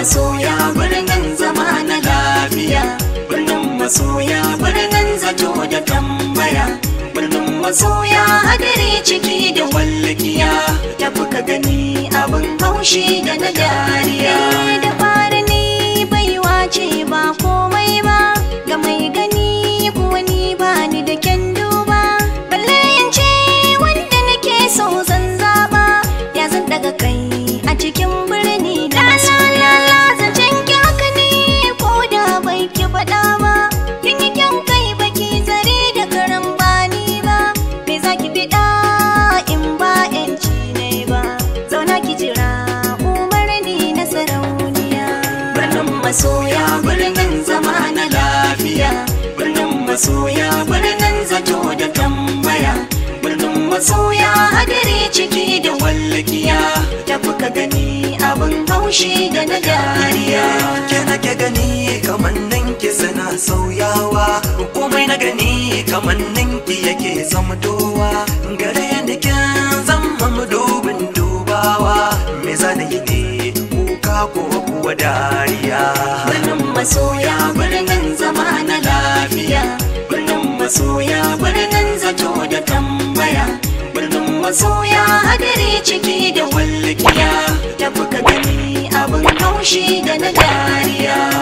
masoya birnin zama na lafiya birnin masoya birnin zato da tambaya birnin masoya hadari ciki da wallakiya da buka gani abin haushi da na dariya eh, zauna ki biɗa in ba ƴanci ne ba zauna ki jira umarni na sarauniya birnin masoya birnin zama na lafiya birnin masoya birnin zato gani abin haushi da na dariya ke nake gani nan ki suna sauyawa komai na gani nan ki yake zamtowa gare ni kin zama dubin dubawa me na yi ne kuka ko kuwa dariya birnin masoya birnin zama na lafiya birnin masoya masoya haɗari ciki da wallikiya da kuka gani abin haushi da na dariya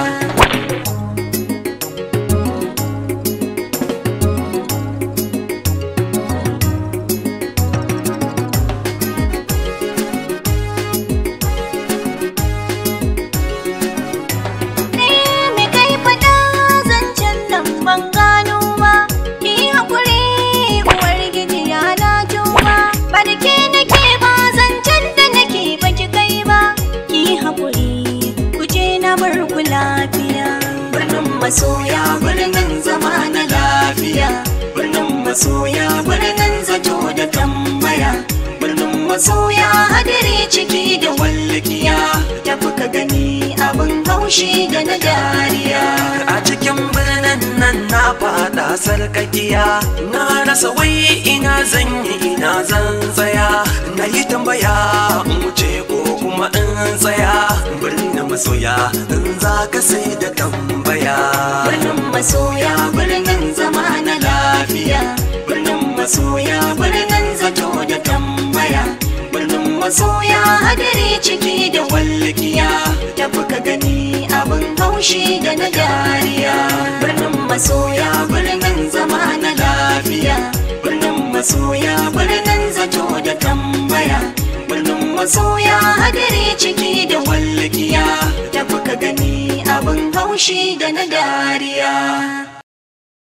farke nake ba zancen da nake baki kai ba ki haƙuri ku je na bar ku lafiya birnin masoya birnin zama na lafiya birnin masoya birnin zato da tambaya birnin masoya hadiri ciki da wallakiya da kuka gani abin haushi da na dariya a cikin na fada sarkakiya na rasa wai ina zan yi ina zan tsaya na yi tambaya mu wuce ko kuma in tsaya birnin masoya in za ka sai da tambaya birnin masoya birnin zama na lafiya birnin masoya birnin zato da tambaya birnin masoya hadari ciki da walkiya tafi ka gani abin haushi da na dariya birnin masoya birnin zama na lafiya birnin masoya birnin zato da tambaya birnin masoya hadari ciki da walkiya da kuka gani abin haushi da na dariya